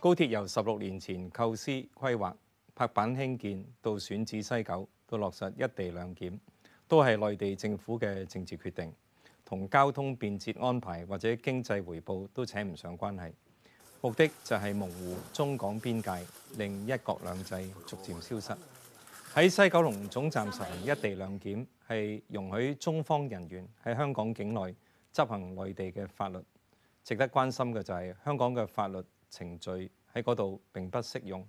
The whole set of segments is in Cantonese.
高鐵由十六年前構思、規劃、拍板興建到選址西九，到落實一地兩檢，都係內地政府嘅政治決定，同交通便捷安排或者經濟回報都扯唔上關係。目的就係模糊中港邊界，令一國兩制逐漸消失。喺西九龍總站實行一地兩檢，係容許中方人員喺香港境內執行內地嘅法律。值得關心嘅就係香港嘅法律。程序喺嗰度並不適用。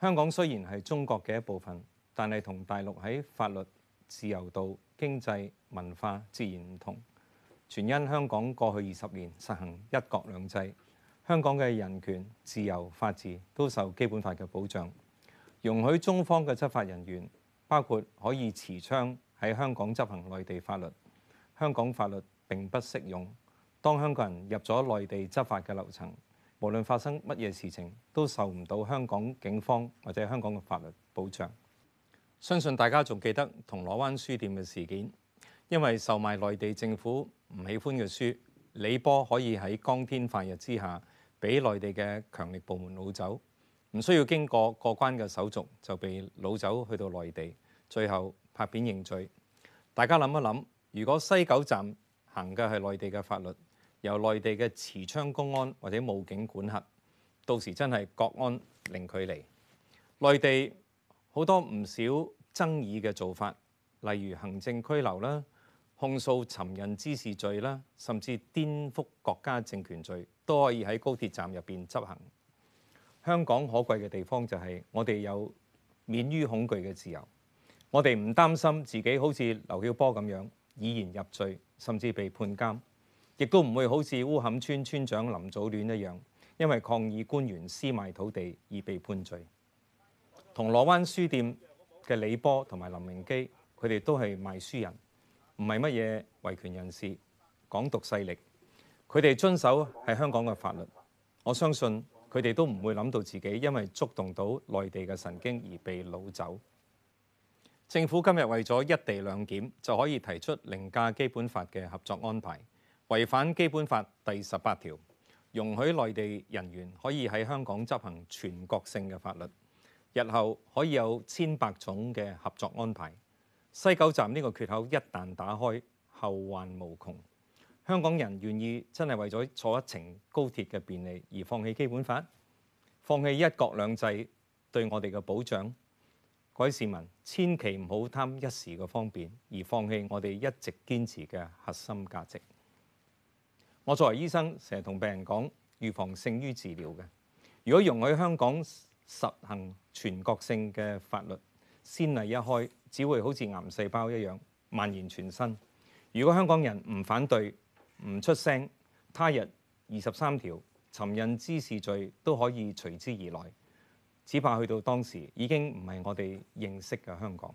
香港雖然係中國嘅一部分，但係同大陸喺法律自由度、經濟文化自然唔同。全因香港過去二十年實行一國兩制，香港嘅人權、自由、法治都受基本法嘅保障，容許中方嘅執法人員，包括可以持槍喺香港執行內地法律。香港法律並不適用。當香港人入咗內地執法嘅樓層，無論發生乜嘢事情，都受唔到香港警方或者香港嘅法律保障。相信大家仲記得銅鑼灣書店嘅事件，因為售賣內地政府唔喜歡嘅書，李波可以喺光天化日之下俾內地嘅強力部門擄走，唔需要經過過關嘅手續就被擄走去到內地，最後拍片認罪。大家諗一諗，如果西九站行嘅係內地嘅法律，由內地嘅持槍公安或者武警管轄，到時真係國安零距離。內地好多唔少爭議嘅做法，例如行政拘留啦、控訴尋釁滋事罪啦，甚至顛覆國家政權罪，都可以喺高鐵站入邊執行。香港可貴嘅地方就係我哋有免於恐懼嘅自由，我哋唔擔心自己好似劉曉波咁樣以言入罪，甚至被判監。亦都唔會好似烏坎村村長林祖戀一樣，因為抗議官員私賣土地而被判罪。銅鑼灣書店嘅李波同埋林明基，佢哋都係賣書人，唔係乜嘢維權人士、港獨勢力。佢哋遵守係香港嘅法律，我相信佢哋都唔會諗到自己因為觸動到內地嘅神經而被擄走。政府今日為咗一地兩檢，就可以提出凌駕基本法嘅合作安排。違反基本法第十八條，容許內地人員可以喺香港執行全國性嘅法律。日後可以有千百種嘅合作安排。西九站呢個缺口一旦打開，後患無窮。香港人願意真係為咗坐一程高鐵嘅便利而放棄基本法、放棄一國兩制對我哋嘅保障？各位市民千祈唔好貪一時嘅方便而放棄我哋一直堅持嘅核心價值。我作為醫生，成日同病人講預防勝於治療嘅。如果容許香港實行全國性嘅法律，先例一開，只會好似癌細胞一樣蔓延全身。如果香港人唔反對、唔出聲，他日二十三條、尋釁滋事罪都可以隨之而來。只怕去到當時，已經唔係我哋認識嘅香港。